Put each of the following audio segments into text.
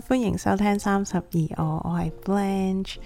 歡迎收聽三十二我，我係 Blanche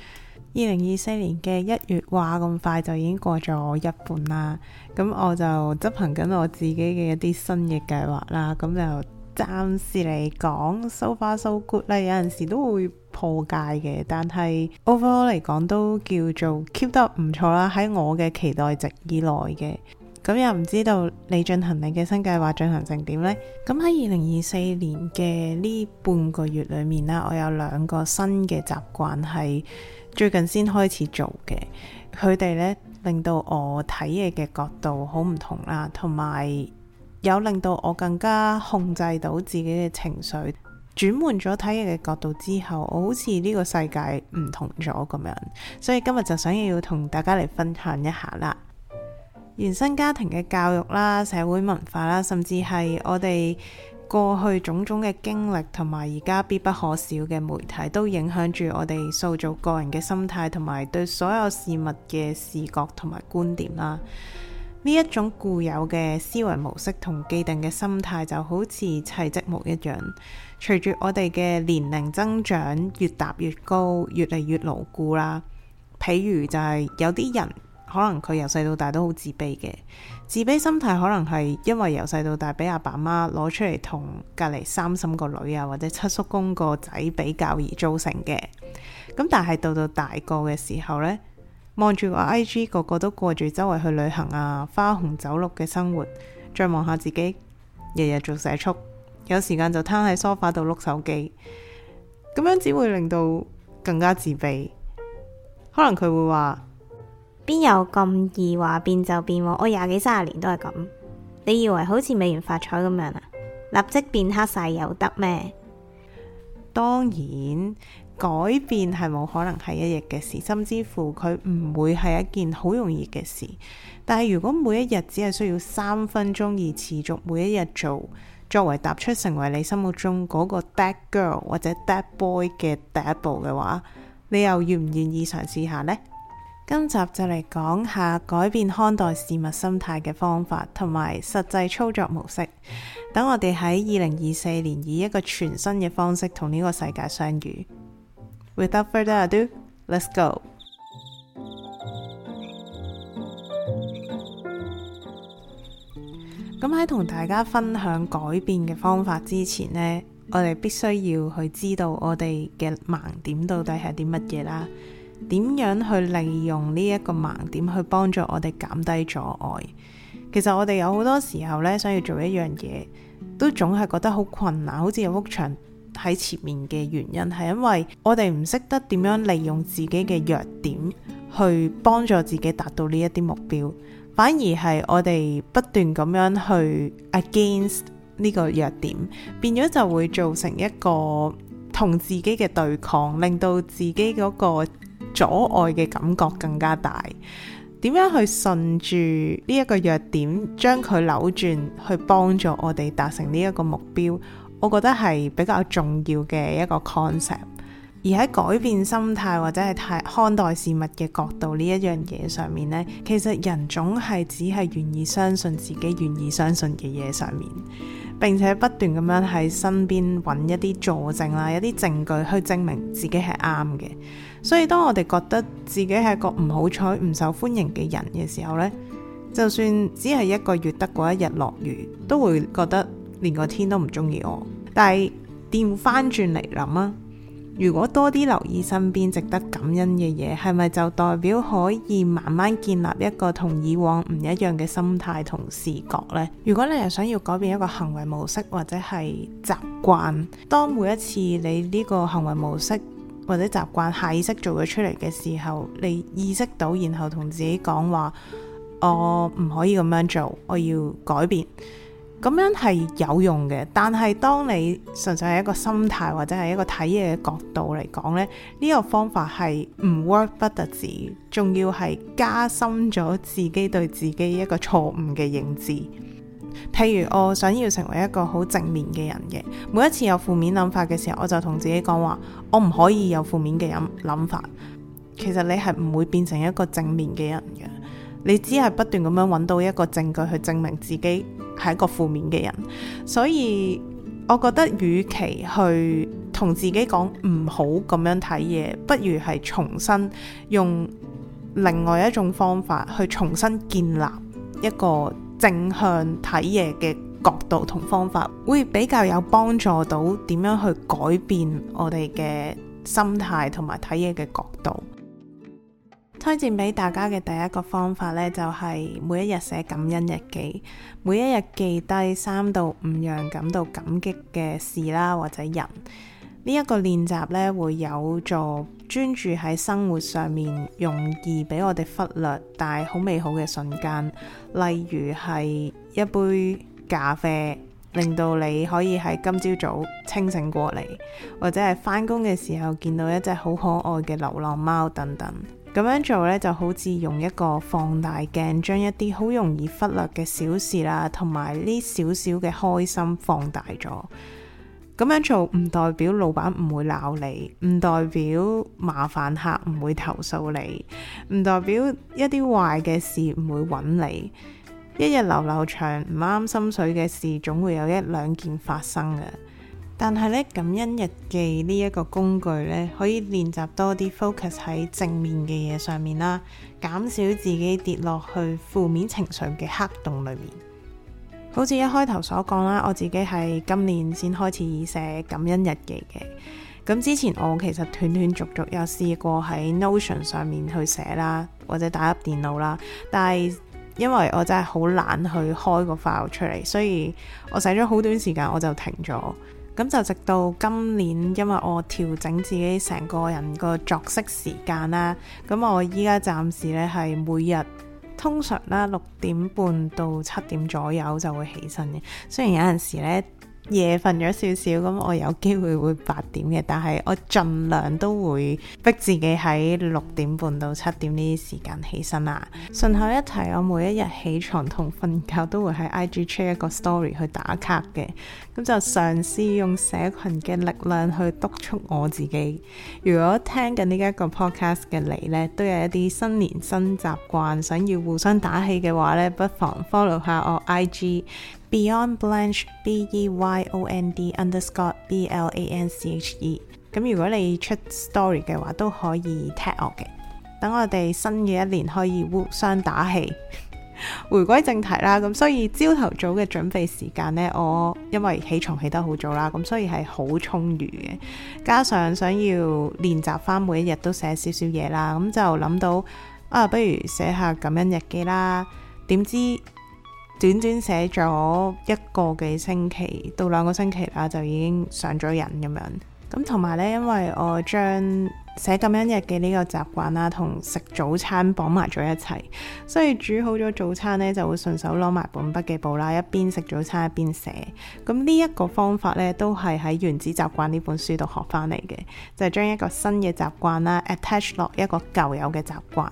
二零二四年嘅一月話，哇咁快就已經過咗一半啦。咁我就執行緊我自己嘅一啲新嘅計劃啦。咁就暫時嚟講，so far so good 啦。有陣時都會破戒嘅，但係 overall 嚟講都叫做 keep 得唔錯啦。喺我嘅期待值以內嘅。咁又唔知道你進行你嘅新計劃進行成點呢？咁喺二零二四年嘅呢半個月裏面啦，我有兩個新嘅習慣係最近先開始做嘅，佢哋呢，令到我睇嘢嘅角度好唔同啦，同埋有令到我更加控制到自己嘅情緒。轉換咗睇嘢嘅角度之後，我好似呢個世界唔同咗咁樣，所以今日就想要同大家嚟分享一下啦。原生家庭嘅教育啦、社會文化啦，甚至係我哋過去種種嘅經歷，同埋而家必不可少嘅媒體，都影響住我哋塑造個人嘅心態，同埋對所有事物嘅視覺同埋觀點啦。呢一種固有嘅思維模式同既定嘅心態，就好似砌積木一樣，隨住我哋嘅年齡增長，越搭越高，越嚟越牢固啦。譬如就係有啲人。可能佢由細到大都好自卑嘅，自卑心態可能係因為由細到大俾阿爸媽攞出嚟同隔籬三嬸個女啊，或者七叔公個仔比較而造成嘅。咁但係到到大個嘅時候呢，望住個 IG 個個都過住周圍去旅行啊、花紅酒綠嘅生活，再望下自己日日做社畜，有時間就攤喺梳化度碌手機，咁樣只會令到更加自卑。可能佢會話。邊有咁易話變就變？我廿幾三十年都係咁。你以為好似美元髮彩咁樣啊？立即變黑晒又得咩？當然改變係冇可能係一日嘅事，甚至乎佢唔會係一件好容易嘅事。但係如果每一日只係需要三分鐘而持續每一日做，作為踏出成為你心目中嗰個 bad girl 或者 bad boy 嘅第一步嘅話，你又願唔願意嘗試下呢？今集就嚟講下改變看待事物心態嘅方法，同埋實際操作模式。等我哋喺二零二四年以一個全新嘅方式同呢個世界相遇。Without further ado, let's go。咁喺同大家分享改變嘅方法之前呢，我哋必須要去知道我哋嘅盲點到底係啲乜嘢啦。點樣去利用呢一個盲點去幫助我哋減低阻礙？其實我哋有好多時候咧，想要做一樣嘢，都總係覺得好困難，好似有幅牆喺前面嘅原因，係因為我哋唔識得點樣利用自己嘅弱點去幫助自己達到呢一啲目標，反而係我哋不斷咁樣去 against 呢個弱點，變咗就會造成一個同自己嘅對抗，令到自己嗰個阻礙嘅感覺更加大，點樣去順住呢一個弱點，將佢扭轉，去幫助我哋達成呢一個目標，我覺得係比較重要嘅一個 concept。而喺改變心態或者係睇看待事物嘅角度呢一樣嘢上面呢，其實人總係只係願意相信自己願意相信嘅嘢上面，並且不斷咁樣喺身邊揾一啲佐證啦，一啲證據去證明自己係啱嘅。所以當我哋覺得自己係個唔好彩、唔受歡迎嘅人嘅時候呢，就算只係一個月得嗰一日落雨，都會覺得連個天都唔中意我。但係調翻轉嚟諗啊！如果多啲留意身邊值得感恩嘅嘢，係咪就代表可以慢慢建立一個同以往唔一樣嘅心態同視覺呢？如果你係想要改變一個行為模式或者係習慣，當每一次你呢個行為模式或者習慣下意識做咗出嚟嘅時候，你意識到然後同自己講話：我唔可以咁樣做，我要改變。咁樣係有用嘅，但係當你純粹係一個心態或者係一個睇嘢嘅角度嚟講咧，呢、呢個方法係唔 work 不特止，仲要係加深咗自己對自己一個錯誤嘅認知。譬如，我想要成為一個好正面嘅人嘅，每一次有負面諗法嘅時候，我就同自己講話，我唔可以有負面嘅諗諗法。其實你係唔會變成一個正面嘅人嘅，你只係不斷咁樣揾到一個證據去證明自己係一個負面嘅人，所以我覺得與其去同自己講唔好咁樣睇嘢，不如係重新用另外一種方法去重新建立一個正向睇嘢嘅角度同方法，會比較有幫助到點樣去改變我哋嘅心態同埋睇嘢嘅角度。推薦俾大家嘅第一個方法呢，就係每一日寫感恩日記，每一日記低三到五樣感到感激嘅事啦，或者人。呢一個練習呢，會有助專注喺生活上面容易俾我哋忽略但係好美好嘅瞬間，例如係一杯咖啡令到你可以喺今朝早清醒過嚟，或者係返工嘅時候見到一隻好可愛嘅流浪貓等等。咁樣做咧，就好似用一個放大鏡，將一啲好容易忽略嘅小事啦，同埋呢少少嘅開心放大咗。咁樣做唔代表老闆唔會鬧你，唔代表麻煩客唔會投訴你，唔代表一啲壞嘅事唔會揾你。一日流流長，唔啱心水嘅事，總會有一兩件發生嘅。但係咧，感恩日記呢一個工具呢，可以練習多啲 focus 喺正面嘅嘢上面啦，減少自己跌落去負面情緒嘅黑洞裏面。好似一開頭所講啦，我自己係今年先開始寫感恩日記嘅。咁之前我其實斷斷續續有試過喺 Notion 上面去寫啦，或者打入電腦啦，但係因為我真係好懶去開個 file 出嚟，所以我寫咗好短時間我就停咗。咁就直到今年，因為我調整自己成個人個作息時間啦，咁我依家暫時咧，係每日通常啦六點半到七點左右就會起身嘅，雖然有陣時咧，夜瞓咗少少，咁我有機會會八點嘅，但係我盡量都會逼自己喺六點半到七點呢啲時間起身啦。 順口一提，我每一日起床同瞓覺都會喺 IG check 一個 story 去打卡嘅，咁就嘗試用社群嘅力量去督促我自己。如果聽緊呢一個 podcast 嘅你呢，都有一啲新年新習慣，想要互相打氣嘅話呢，不妨 follow 下我 IG。Beyond Blanche, B-E-Y-O-N-D underscore B-L-A-N-C-H-E。咁如果你出 story 嘅話，都可以 tag 我嘅。等我哋新嘅一年可以互相打氣。回歸正題啦，咁所以朝頭早嘅準備時間呢，我因為起床起得好早啦，咁所以係好充裕嘅。加上想要練習翻，每一日都寫少少嘢啦，咁就諗到啊，不如寫下感恩日記啦。點知？短短寫咗一個幾星期到兩個星期啦，就已經上咗癮咁樣。咁同埋呢，因為我將寫感恩日記嘅呢個習慣啦，同食早餐綁埋咗一齊，所以煮好咗早餐呢，就會順手攞埋本筆記簿啦，一邊食早餐一邊寫。咁呢一個方法呢，都係喺《原子習慣》呢本書度學翻嚟嘅，就係將一個新嘅習慣啦 attach 落一個舊有嘅習慣。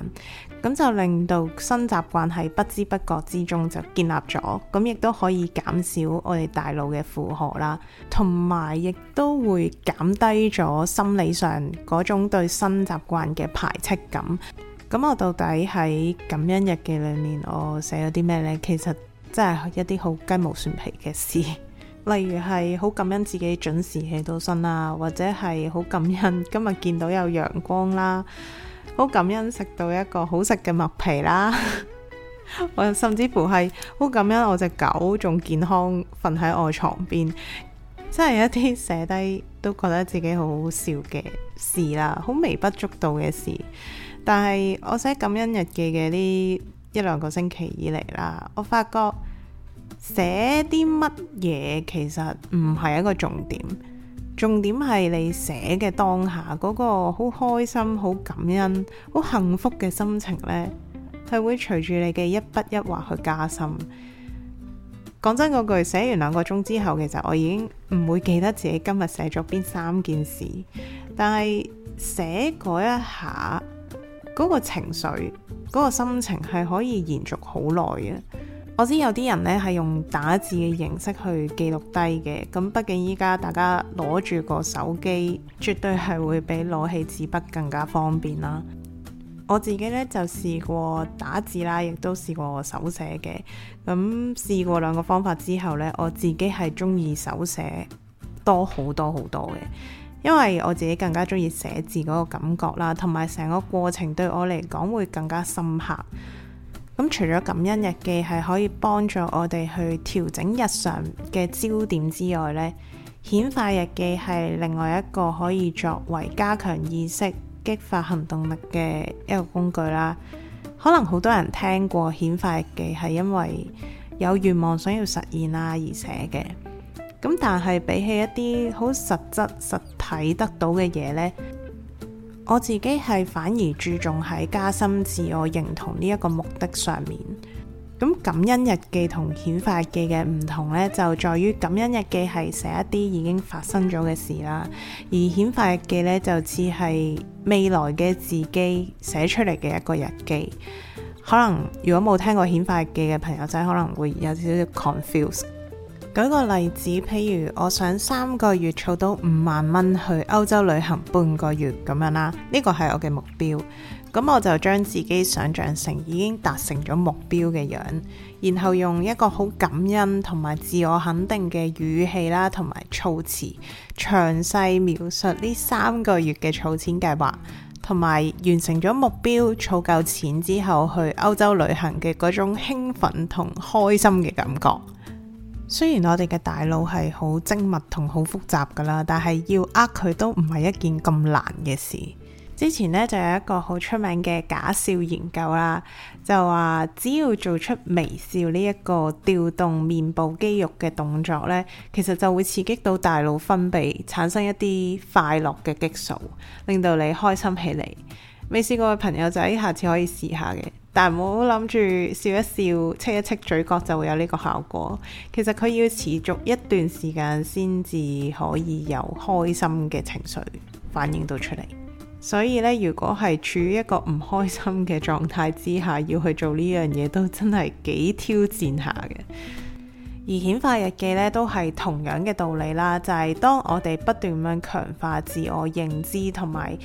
咁就令到新習慣喺不知不覺之中就建立咗，咁亦都可以減少我哋大腦嘅負荷啦，同埋亦都會減低咗心理上嗰種對新習慣嘅排斥感。咁 我到底喺感恩日記裏面，我寫咗啲咩呢？其實真係一啲好雞毛蒜皮嘅事， 例如係好感恩自己準時起到身啦，或者係好感恩今日見到有陽光啦。好感恩食到一個好食嘅麥皮啦， 我甚至乎係好感恩我隻狗仲健康瞓喺我床邊，真係一啲寫低都覺得自己好好笑嘅事啦，好微不足道嘅事。但係我寫感恩日記嘅呢一兩個星期以嚟啦，我發覺寫啲乜嘢其實唔係一個重點。重點係你寫嘅當下，嗰個好開心、好感恩、好幸福嘅心情呢係會隨住你嘅一筆一畫去加深。講真嗰句，寫完兩個鐘之後，其實我已經唔會記得自己今日寫咗邊三件事，但係寫嗰一下，嗰個情緒、嗰個心情係可以延續好耐嘅。我知有啲人呢係用打字嘅形式去記錄低嘅，咁畢竟依家大家攞住個手機，絕對係會比攞起紙筆更加方便啦。我自己呢就試過打字啦，亦都試過手寫嘅。咁試過兩個方法之後呢，我自己係中意手寫多好多好多嘅，因為我自己更加中意寫字嗰個感覺啦，同埋成個過程對我嚟講會更加深刻。咁除咗感恩日記，係可以幫助我哋去調整日常嘅焦點之外咧，顯化日記，係另外一個可以作為加強意識激發行動力嘅一個工具啦。可能好多人聽過顯化日記，係因為有願望想要實現啦而寫嘅，咁但係比起一啲好實質實體得到嘅嘢咧。我自己係反而注重喺加深自我認同呢一個目的上面。咁感恩日記同顯化日記嘅唔同呢，就在於感恩日記係寫一啲已經發生咗嘅事啦，而顯化日記呢就似係未來嘅自己寫出嚟嘅一個日記。可能如果冇聽過顯化日記嘅朋友仔，可能會有少少 confused。舉個例子，譬如我想三個月儲到五萬蚊去歐洲旅行半個月咁樣啦，呢個係我嘅目標。咁我就將自己想像成已經達成咗目標嘅樣，然後用一個好感恩同埋自我肯定嘅語氣啦，同埋措詞，詳細描述呢三個月嘅儲錢計劃，同埋完成咗目標儲夠錢之後去歐洲旅行嘅嗰種興奮同開心嘅感覺。雖然我哋嘅大腦係好精密同好複雜噶啦，但係要呃佢都唔係一件咁難嘅事。之前呢，就有一個好出名嘅假笑研究啦，就話只要做出微笑呢一個調動面部肌肉嘅動作呢，其實就會刺激到大腦分泌，產生一啲快樂嘅激素，令到你開心起嚟。未試過嘅朋友仔，下次可以試下嘅。但唔好諗住笑一笑、戚一戚嘴角就會有呢個效果。其實佢要持續一段時間先至可以由開心嘅情緒反映到出嚟。所以咧，如果係處於一個唔開心嘅狀態之下，要去做呢樣嘢都真係幾挑戰下嘅。而顯化日記咧，都係同樣嘅道理啦。就係、是、當我哋不斷咁樣強化自我認知同埋，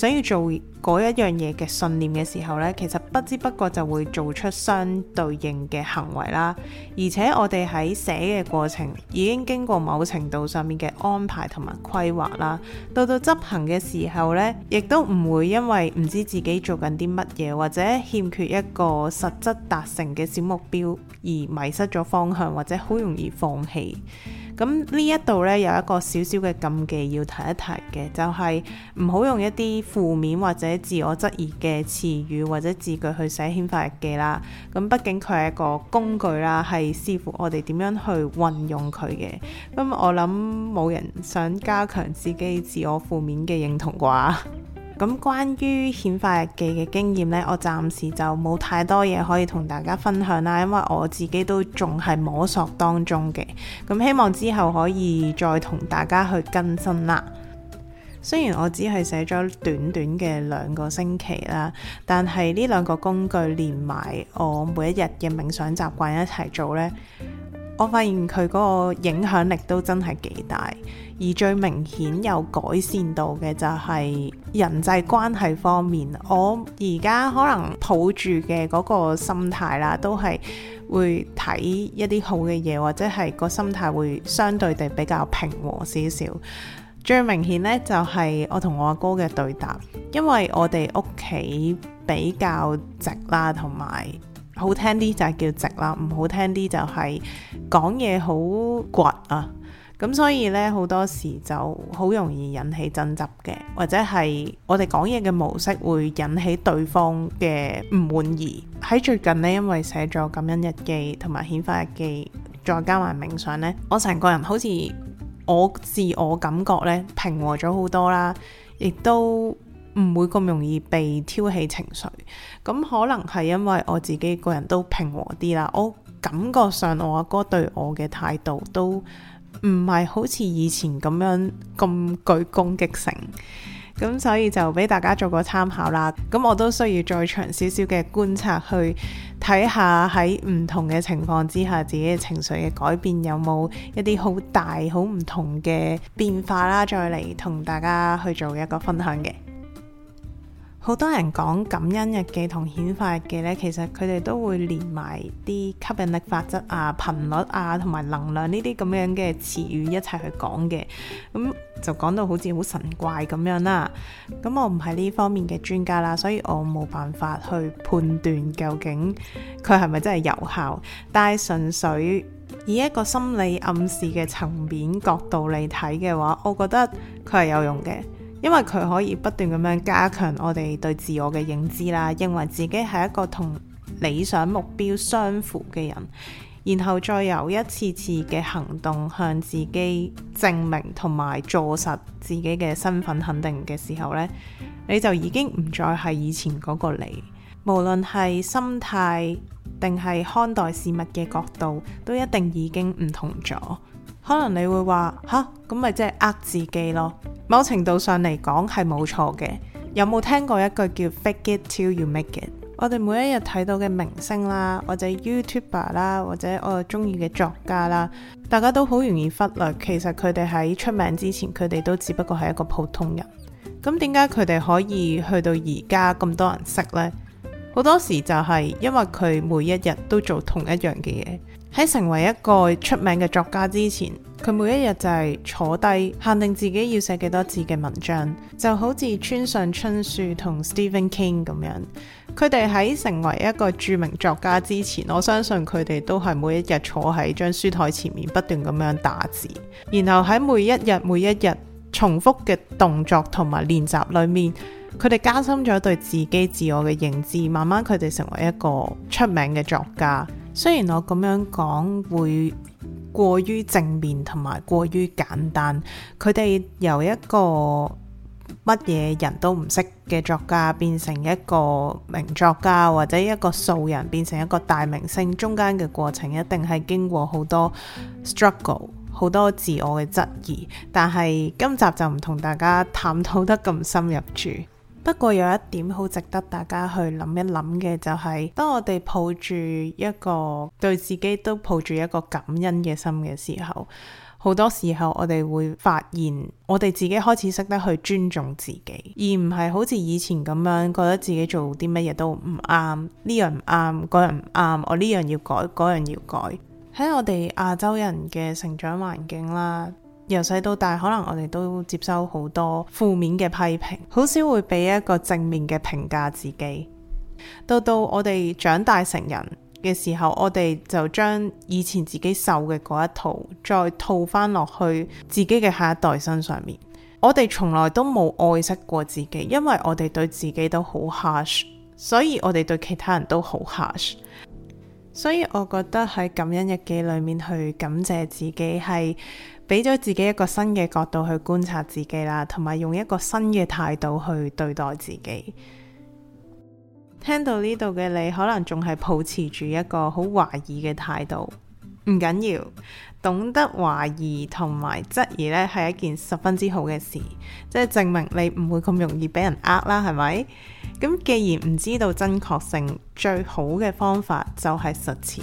想要做嗰一樣嘢嘅信念嘅時候咧，其實不知不覺就會做出相對應嘅行為啦。而且我哋喺寫嘅過程已經經過某程度上面嘅安排同埋規劃啦。到到執行嘅時候咧，亦都唔會因為唔知自己做緊啲乜嘢，或者欠缺一個實質達成嘅小目標而迷失咗方向，或者好容易放棄。咁呢一度呢，有一個小小嘅禁忌要提一提嘅，就係唔好用一啲負面或者自我質疑嘅詞語或者字句去寫顯化日記啦。咁畢竟佢係一個工具啦，係視乎我哋點樣去運用佢嘅。咁我諗冇人想加強自己自我負面嘅認同啩。咁關於顯化日記嘅經驗呢，我暫時就冇太多嘢可以同大家分享啦，因為我自己都仲係摸索當中嘅。咁希望之後可以再同大家去更新啦。雖然我只係寫咗短短嘅兩個星期啦，但係呢兩個工具連埋我每一日嘅冥想習慣一齊做呢，我發現佢嗰個影響力都真係幾大。而最明顯有改善到嘅就係人際關係方面，我而家可能抱住嘅嗰個心態啦，都係會睇一啲好嘅嘢，或者係個心態會相對地比較平和少少。最明顯呢，就係我同我阿哥嘅對答，因為我哋屋企比較直啦，同埋好聽啲就係叫直啦，唔好聽啲就係講嘢好倔啊。咁所以呢，好多時就好容易引起爭執嘅，或者係我哋講嘢嘅模式會引起對方嘅唔滿意。喺最近呢，因為寫咗感恩日記同埋顯化日記，再加埋冥想呢，我成個人好似我自我感覺呢平和咗好多啦，亦都唔會咁容易被挑起情緒。咁可能係因為我自己個人都平和啲啦，我感覺上我阿哥對我嘅態度都唔係好似以前咁樣咁具攻擊性，咁所以就俾大家做個參考啦。咁我都需要再長少少嘅觀察，去睇下喺唔同嘅情況之下，自己嘅情緒嘅改變有冇一啲好大好唔同嘅變化啦，再嚟同大家去做一個分享嘅。好多人講感恩日記同顯化日記呢，其實佢哋都會連埋啲吸引力法則啊、頻率啊、同埋能量呢啲咁樣嘅詞語一齊去講嘅，咁就講到好似好神怪咁樣啦。咁我唔係呢方面嘅專家啦，所以我冇辦法去判斷究竟佢係咪真係有效。但係純粹以一個心理暗示嘅層面角度嚟睇嘅話，我覺得佢係有用嘅。因為佢可以不斷咁樣加強我哋對自我嘅認知啦，認為自己係一個同理想目標相符嘅人，然後再有一次次嘅行動向自己證明同埋坐實自己嘅身份肯定嘅時候呢，你就已經唔再係以前嗰個你，無論係心態定係看待事物嘅角度，都一定已經唔同咗。可能你會話吓，咁咪即係呃自己咯？某程度上嚟講係冇錯嘅。有冇聽過一句叫 “fake it till you make it”？我哋每一日睇到嘅明星啦，或者 YouTuber 啦，或者我中意嘅作家啦，大家都好容易忽略，其實佢哋喺出名之前，佢哋都只不過係一個普通人。咁點解佢哋可以去到而家咁多人識呢？好多時就係因為佢每一日都做同一樣嘅嘢。喺成為一個出名嘅作家之前，佢每一日就係坐低限定自己要寫幾多字嘅文章，就好似村上春樹同 Stephen King 咁樣。佢哋喺成為一個著名作家之前，我相信佢哋都係每一日坐喺張書台前面不斷咁樣打字，然後喺每一日每一日重複嘅動作同埋練習裏面，佢哋加深咗對自己自我嘅認知，慢慢佢哋成為一個出名嘅作家。雖然我咁樣講會過於正面同埋過於簡單，佢哋由一個乜嘢人都唔識嘅作家變成一個名作家，或者一個素人變成一個大明星，中間嘅過程一定係經過好多 struggle，好多自我嘅質疑。但係今集就唔同大家探討得咁深入住。不過有一點好值得大家去諗一諗嘅，就係當我哋抱住一個對自己都抱住一個感恩嘅心嘅時候，好多時候我哋會發現，我哋自己開始識得去尊重自己，而唔係好似以前咁樣覺得自己做啲乜嘢都唔啱，呢樣唔啱，嗰樣唔啱，我呢樣要改，嗰樣要改。喺我哋亞洲人嘅成長環境啦。由細到大，可能我哋都接收好多負面嘅批評，好少會俾一個正面嘅評價自己。到到我哋長大成人嘅時候，我哋就將以前自己受嘅嗰一套再套翻落去自己嘅下一代身上面。我哋從來都冇愛惜過自己，因為我哋對自己都好 harsh，所以我哋對其他人都好 harsh。所以我覺得喺感恩日記裏面去感謝自己係，俾咗自己一個新嘅角度去觀察自己啦，同埋用一個新嘅態度去對待自己。聽到呢度嘅你，可能仲係抱持住一個好懷疑嘅態度。唔緊要，懂得懷疑同埋質疑呢係一件十分之好嘅事，即係證明你唔會咁容易俾人呃啦，係咪？咁既然唔知道真確性，最好嘅方法就係實踐。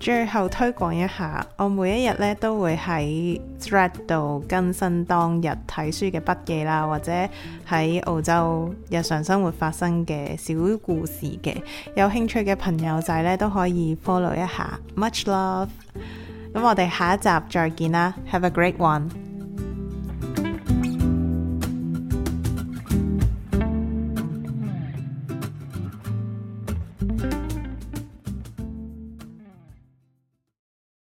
最後推廣一下，我每一日咧都會喺 Threads 度更新當日睇書嘅筆記啦，或者喺澳洲日常生活發生嘅小故事嘅，有興趣嘅朋友仔咧都可以 follow 一下。Much love，咁我哋下一集再見啦，Have a great one！